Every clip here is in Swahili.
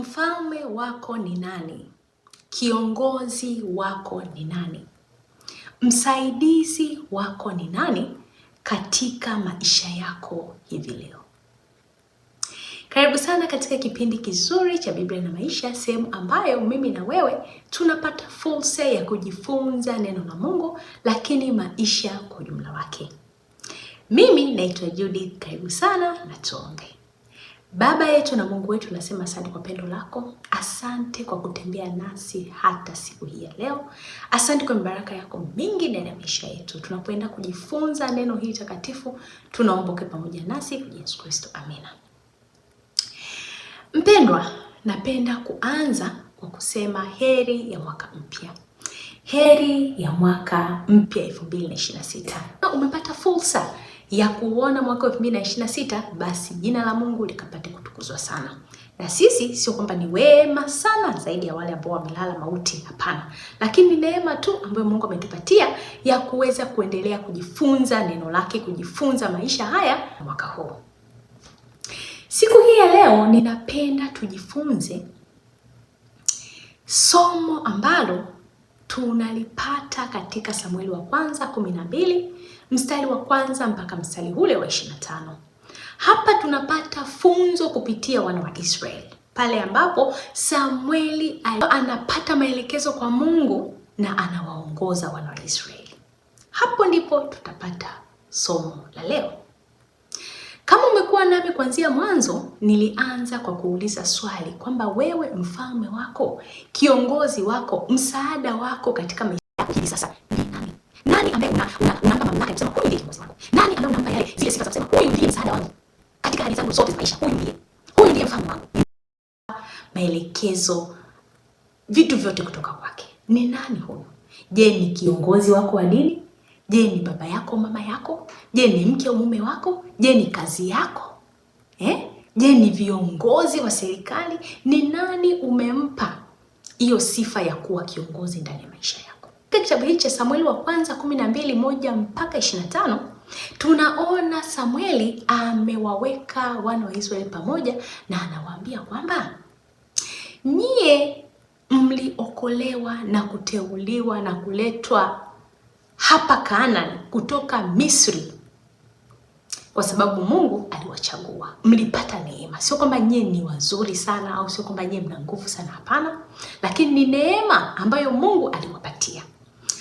Mfalme wako ni nani? Kiongozi wako ni nani? Msaidizi wako ni nani katika maisha yako hivi leo? Karibu sana katika kipindi kizuri cha Biblia na Maisha, sehemu ambayo mimi na wewe tunapata fursa ya kujifunza neno la Mungu, lakini maisha kwa ujumla wake. Mimi naitwa Judith, karibu sana na tuongee. Baba yetu na Mungu wetu, nasema asante kwa pendo lako, asante kwa kutembea nasi hata siku hii ya leo, asante kwa baraka yako mingi ndani ya maisha yetu. Tunapoenda kujifunza neno hili takatifu, tunaomba uke pamoja nasi kwa Yesu Kristo, amina. Mpendwa, napenda kuanza kwa kusema heri ya mwaka mpya. Heri ya mwaka mpya 2026. Umepata fursa ya kuona mwaka sita basi jina la Mungu likapate kutukuzwa sana. Na sisi sio kwamba ni wema sana zaidi ya wale ambao wamelala mauti, hapana, lakini ni neema tu ambayo Mungu ametupatia ya kuweza kuendelea kujifunza neno lake, kujifunza maisha haya mwaka huu. Siku hii ya leo ninapenda tujifunze somo ambalo tunalipata katika Samueli wa kwanza kumi na mbili mstari wa kwanza mpaka mstari ule wa ishirini na tano. Hapa tunapata funzo kupitia wana wa Israeli pale ambapo Samueli anapata maelekezo kwa Mungu na anawaongoza wana wa Israeli. Hapo ndipo tutapata somo la leo. Kama umekuwa nami kuanzia mwanzo, nilianza kwa kuuliza swali kwamba wewe mfalme wako, kiongozi wako, msaada wako katika maisha yako hivi sasa ni nani? Nani ambaye una, una, unampa mamlaka kusema huyu ndiye kiongozi wako? Nani ambaye unampa yale zile sifa za kusema huyu ndiye msaada wangu katika hali zangu zote za maisha? Huyu ndiye huyu ndiye mfalme wangu. Maelekezo, vitu vyote kutoka kwake. Ni nani huyu? Je, ni kiongozi wako wa dini? Je, ni baba yako mama yako? Je, ni mke au mume wako? Je, ni kazi yako eh? Je, ni viongozi wa serikali? Ni nani umempa hiyo sifa ya kuwa kiongozi ndani ya maisha yako? Katika kitabu hiki cha Samueli wa kwanza kumi na mbili moja mpaka ishirini na tano tunaona Samueli amewaweka wana wa Israeli pamoja na anawaambia kwamba nyie mliokolewa na kuteuliwa na kuletwa hapa Kanaani kutoka Misri kwa sababu Mungu aliwachagua, mlipata neema. Sio kwamba nyie ni wazuri sana, au sio kwamba nyie mna nguvu sana, hapana, lakini ni neema ambayo Mungu aliwapatia.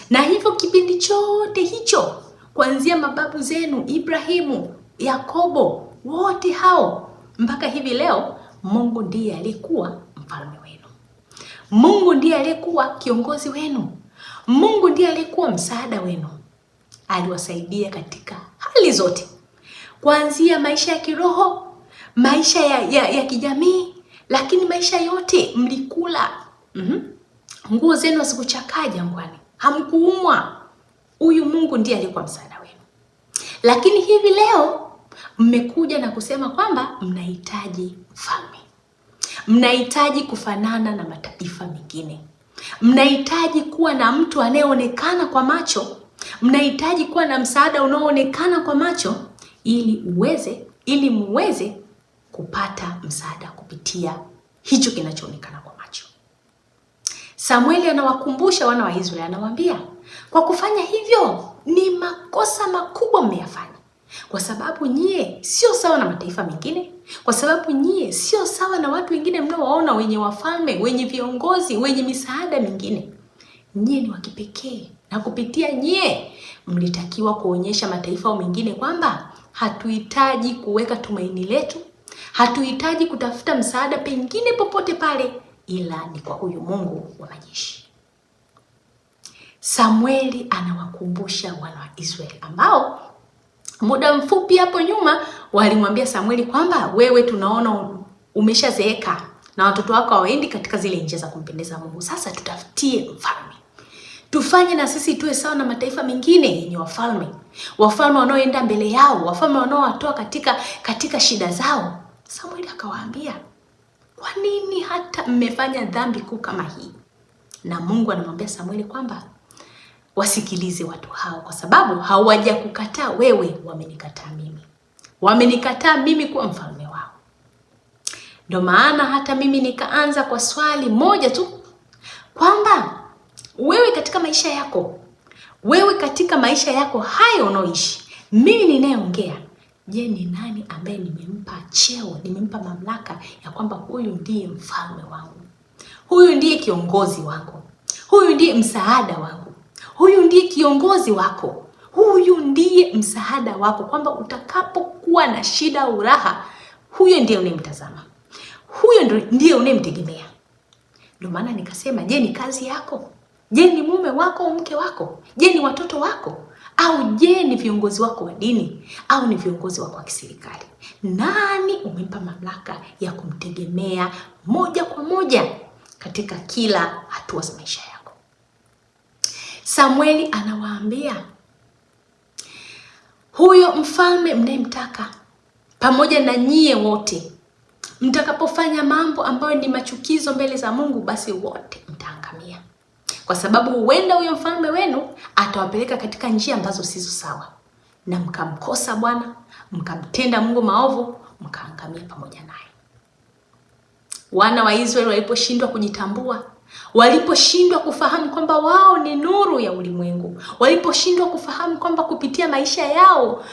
Na hivyo kipindi chote hicho, kuanzia mababu zenu Ibrahimu, Yakobo, wote hao mpaka hivi leo, Mungu ndiye aliyekuwa mfalme wenu, Mungu ndiye aliyekuwa kiongozi wenu, Mungu ndiye aliyekuwa msaada wenu, aliwasaidia katika hali zote, kuanzia maisha ya kiroho, maisha ya, ya, ya kijamii, lakini maisha yote mlikula mm-hmm. Nguo zenu hazikuchakaa jangwani, hamkuumwa. Huyu Mungu ndiye aliyekuwa msaada wenu, lakini hivi leo mmekuja na kusema kwamba mnahitaji mfalme, mnahitaji kufanana na mataifa mengine. Mnahitaji kuwa na mtu anayeonekana kwa macho, mnahitaji kuwa na msaada unaoonekana kwa macho ili uweze ili muweze kupata msaada kupitia hicho kinachoonekana kwa macho. Samueli anawakumbusha wana wa Israeli, anawaambia kwa kufanya hivyo ni makosa makubwa mmeyafanya kwa sababu nyie sio sawa na mataifa mengine, kwa sababu nyie sio sawa na watu wengine mnaowaona wenye wafalme, wenye viongozi, wenye misaada mingine. Nyie ni wa kipekee, na kupitia nyie mlitakiwa kuonyesha mataifa mengine kwamba hatuhitaji kuweka tumaini letu, hatuhitaji kutafuta msaada pengine popote pale, ila ni kwa huyu Mungu wa majeshi. Samueli anawakumbusha wana wa Israeli ambao Muda mfupi hapo nyuma walimwambia Samueli kwamba wewe, tunaona umeshazeeka na watoto wako hawaendi katika zile njia za kumpendeza Mungu. Sasa tutafutie mfalme, tufanye na sisi tuwe sawa na mataifa mengine yenye wafalme, wafalme wanaoenda mbele yao, wafalme wanaowatoa katika katika shida zao. Samueli akawaambia, kwa nini hata mmefanya dhambi kuu kama hii? Na Mungu anamwambia Samueli kwamba wasikilize watu hao, kwa sababu hawajakukataa wewe, wamenikataa mimi, wamenikataa mimi kuwa mfalme wao. Ndio maana hata mimi nikaanza kwa swali moja tu kwamba wewe katika maisha yako, wewe katika maisha yako hayo unaoishi, mimi ninayeongea, je, ni nani ambaye nimempa cheo, nimempa mamlaka ya kwamba huyu ndiye mfalme wangu, huyu ndiye kiongozi wangu, huyu ndiye msaada wangu Huyu ndiye kiongozi wako, huyu ndiye msaada wako, kwamba utakapokuwa na shida au raha, huyo ndiye unayemtazama, huyo ndiye unayemtegemea. Ndio maana nikasema, je, ni kazi yako? Je, ni mume wako au mke wako? Je, ni watoto wako au je, ni viongozi wako wa dini au ni viongozi wako wa kiserikali? Nani umempa mamlaka ya kumtegemea moja kwa moja katika kila hatua za maisha? Samueli anawaambia huyo mfalme mnayemtaka pamoja na nyie wote mtakapofanya mambo ambayo ni machukizo mbele za Mungu, basi wote mtaangamia, kwa sababu huenda huyo mfalme wenu atawapeleka katika njia ambazo sizo sawa, na mkamkosa Bwana, mkamtenda Mungu maovu, mkaangamia pamoja naye. Wana wa Israeli waliposhindwa kujitambua Waliposhindwa kufahamu kwamba wao ni nuru ya ulimwengu, waliposhindwa kufahamu kwamba kupitia maisha yao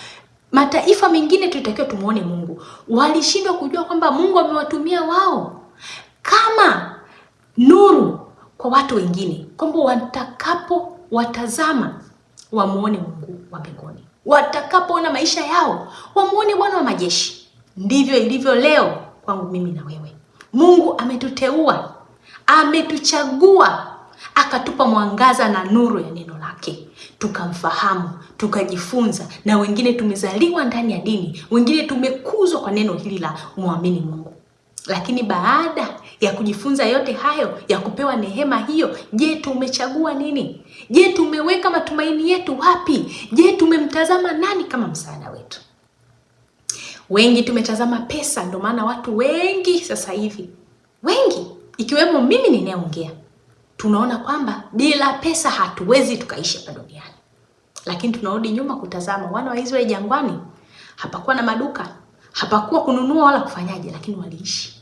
mataifa mengine tulitakiwa tumwone Mungu, walishindwa kujua kwamba Mungu amewatumia wao kama nuru kwa watu wengine, kwamba watakapo watazama wamwone Mungu wa mbinguni, watakapoona maisha yao wamuone Bwana wa majeshi. Ndivyo ilivyo leo kwangu mimi na wewe. Mungu ametuteua ametuchagua akatupa mwangaza na nuru ya neno lake, tukamfahamu tukajifunza, na wengine tumezaliwa ndani ya dini, wengine tumekuzwa kwa neno hili la mwamini Mungu. Lakini baada ya kujifunza yote hayo, ya kupewa neema hiyo, je, tumechagua nini? Je, tumeweka matumaini yetu wapi? Je, tumemtazama nani kama msaada wetu? Wengi tumetazama pesa, ndio maana watu wengi sasa hivi wengi ikiwemo mimi ninayeongea, tunaona kwamba bila pesa hatuwezi tukaishi hapa duniani, lakini tunarudi nyuma kutazama wana wa Israeli jangwani, hapakuwa na maduka, hapakuwa kununua wala kufanyaje, lakini waliishi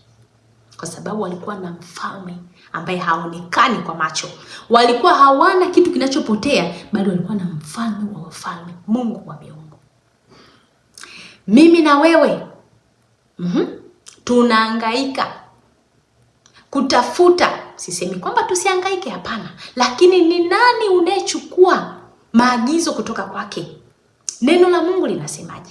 kwa sababu walikuwa na mfalme ambaye haonekani kwa macho. Walikuwa hawana kitu kinachopotea, bali walikuwa na mfalme wa wafalme, Mungu wa miungu. Mimi na wewe mm -hmm. tunaangaika kutafuta. Sisemi kwamba tusihangaike, hapana, lakini ni nani unayechukua maagizo kutoka kwake? Neno la Mungu linasemaje?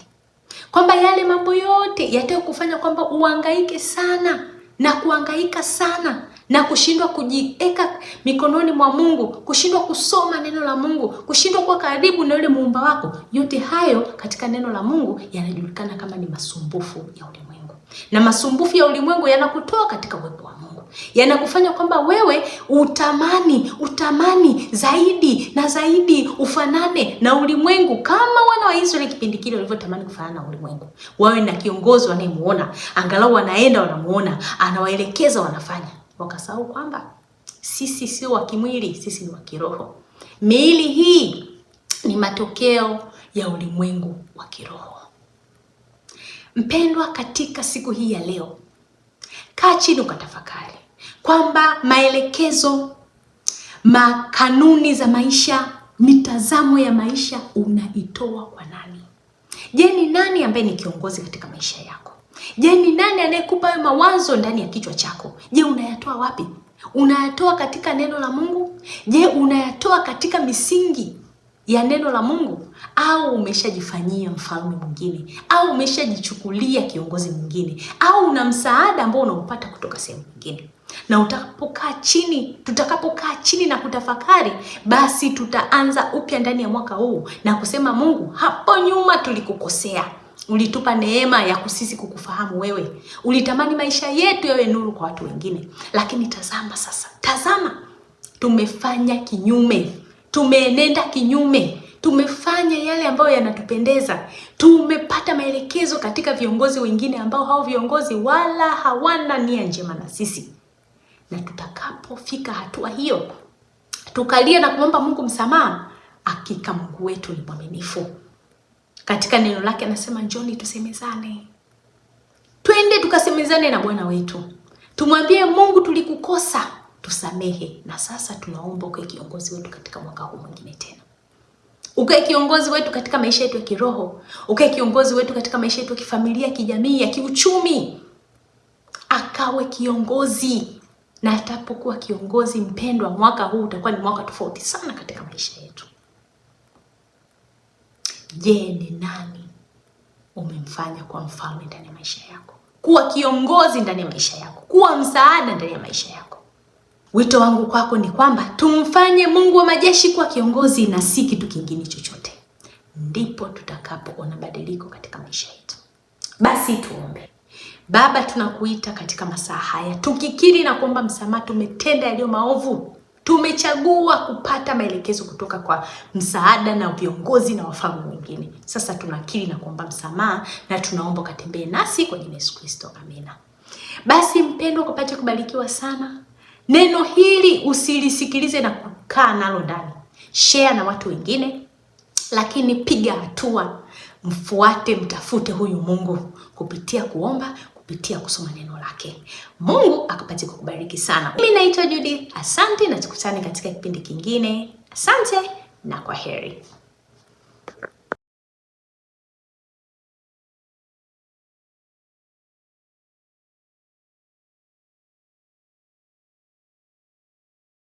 Kwamba yale mambo yote yatayo kufanya kwamba uhangaike sana na kuhangaika sana na kushindwa kujieka mikononi mwa Mungu, kushindwa kusoma neno la Mungu, kushindwa kuwa karibu na yule muumba wako, yote hayo katika neno la Mungu yanajulikana kama ni masumbufu ya ulimwengu, na masumbufu ya ulimwengu yanakutoa katika uwepo wa Mungu yanakufanya kwamba wewe utamani utamani zaidi na zaidi ufanane na ulimwengu kama wana wa Israeli kipindi kile walivyotamani kufanana na ulimwengu, wawe na kiongozi wanayemuona, angalau wanaenda wanamuona, anawaelekeza wanafanya. Wakasahau kwamba sisi sio wa kimwili, sisi ni wa kiroho. Miili hii ni matokeo ya ulimwengu wa kiroho. Mpendwa, katika siku hii ya leo kaa chini ukatafakari kwamba maelekezo, makanuni za maisha, mitazamo ya maisha unaitoa kwa nani? Je, ni nani ambaye ni kiongozi katika maisha yako? Je, ni nani anayekupa hayo mawazo ndani ya kichwa chako? Je, unayatoa wapi? Unayatoa katika neno la Mungu? Je, unayatoa katika misingi ya neno la Mungu au umeshajifanyia mfalme mwingine au umeshajichukulia kiongozi mwingine au una msaada ambao unaupata kutoka sehemu nyingine. Na utakapokaa chini, tutakapokaa chini na kutafakari, basi tutaanza upya ndani ya mwaka huu na kusema, Mungu, hapo nyuma tulikukosea ulitupa neema ya kusisi kukufahamu wewe, ulitamani maisha yetu yawe nuru kwa watu wengine, lakini tazama sasa, tazama tumefanya kinyume tumeenenda kinyume, tumefanya yale ambayo yanatupendeza, tumepata maelekezo katika viongozi wengine ambao hao viongozi wala hawana nia njema na sisi. Na tutakapofika hatua hiyo tukalia na kuomba Mungu msamaha, hakika Mungu wetu ni mwaminifu. Katika neno lake anasema njoni tusemezane, twende tukasemezane na Bwana wetu, tumwambie Mungu tulikukosa tusamehe, na sasa tunaomba ukae kiongozi wetu katika mwaka huu mwingine tena, ukae kiongozi wetu katika maisha yetu ya kiroho, ukae kiongozi wetu katika maisha yetu ya kifamilia, kijamii, ya kiuchumi. Akawe kiongozi, na atapokuwa kiongozi mpendwa, mwaka huu utakuwa ni mwaka tofauti sana katika maisha yetu. Je, ni nani umemfanya kwa mfalme ndani ya maisha yako? Kuwa kiongozi ndani ya maisha yako, kuwa msaada ndani ya maisha yako. Wito wangu kwako ni kwamba tumfanye Mungu wa majeshi kuwa kiongozi na si kitu kingine chochote, ndipo tutakapoona badiliko katika maisha yetu. Basi tuombe. Baba, tunakuita katika masaa haya tukikiri na kuomba msamaha, tumetenda yaliyo maovu, tumechagua kupata maelekezo kutoka kwa msaada na viongozi na wafalme wengine. Sasa tunakiri na kuomba msamaha na tunaomba ukatembee nasi kwa jina Yesu Kristo, amina. Basi mpendwa, kupate kubarikiwa sana Neno hili usilisikilize na kukaa nalo ndani, share na watu wengine, lakini piga hatua, mfuate, mtafute huyu Mungu kupitia kuomba, kupitia kusoma neno lake. Mungu akupatie kukubariki sana. Mimi naitwa Judith, asante na tukutane katika kipindi kingine. Asante na kwa heri.